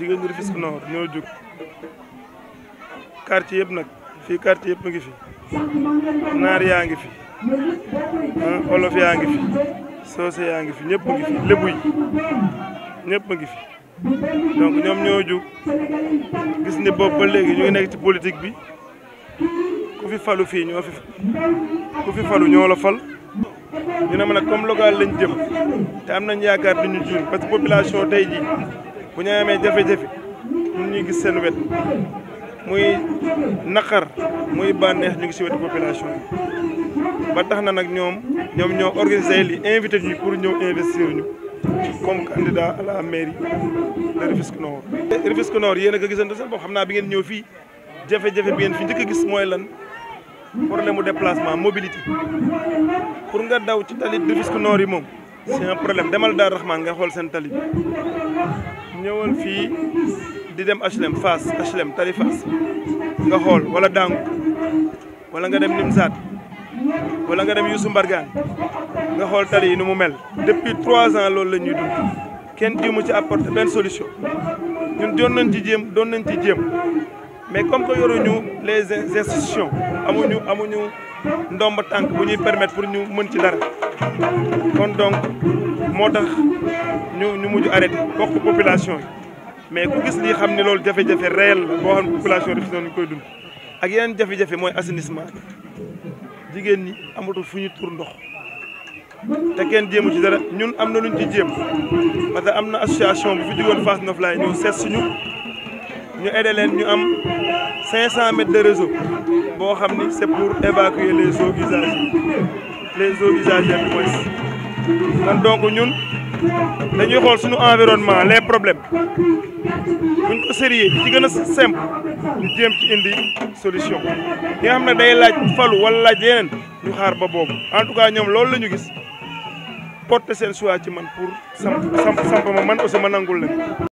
jigéen ñi Rufisque Nord ñoo jóg quartier yëpp nag fii quartier yëpp ngi fi naar yaa ngi fi olof yaa ngi fi soose yaa ngi fi ñëpp ngi fi lébu yi ñëpp ngi fi donc ñoom ñoo que gis ne o ba léegi ñu ngi nekk ci politique bi ku fi falu fii ñoo fi ku fi falu ñoo la fal ñu ne ma nag comme local lañ jëm te am nañ yaakaar di ñu jur parce que population tey jii bu ñu amee jafé jafe ñu ñuy gis seen wét muy nakar muy banex ñu ngi ci wét population ba tax na nag ñom ñoo organiser li invité ñu pour ñëw investir ñu comme candidat à la mairie de Rufisque Nord. Rufisque Nord yeena a ko gisante seen bopp xam bi ngeen ñëw fi jafé jafé bi ngeen fi ñëk gis moy lan problème déplacement mobilité pour nga daw ci tali Rufisque Nord yi mom c'est un problème demal dar Rahman nga xol sen tali ñëwal fi di dem HLM face, HLM Tali nga xol wala wala nga dem wala nga dem nga tali mel. depuis trois ans loolu la dund kenn nous ci apporter solution nous doon nañ ci doon nañ mais comme que yoruñu les institutions amuñu amuñu. ndomba tànk bu ñuy permettre pour ñu mën ci dara kon donc moo tax ñu ñu mujj arrêté bokk population yi mais ku gis lii xam ne loolu jafe-jafe réel la boo xam ne population Rufisque ñu koy dund ak yeneen jafe-jafe mooy assainissement jigéen ñi amatul fu ñu tur ndox te kenn jéemu ci dara ñun am na lu luñ ci jéem parce que am na association bu fi jógoon Fass Noflaye ñëw seet suñu ñu aider leen ñu am cinq 500 mètres de réseau boo xam ni c'est pour évacuer les eaux usagées les eaux usagées du moins kon donc ñun dañuy xool suñu environnement les problème buñ ko sérieux ci gën a simple ñu jéem ci indi solution yi xam ne day laaj falu wala laaj yeneen ñu xaar ba boobu en tout cas ñoom loolu la ñu gis porte seen choix ci man pour samp samp ma man aussi ma nangul leen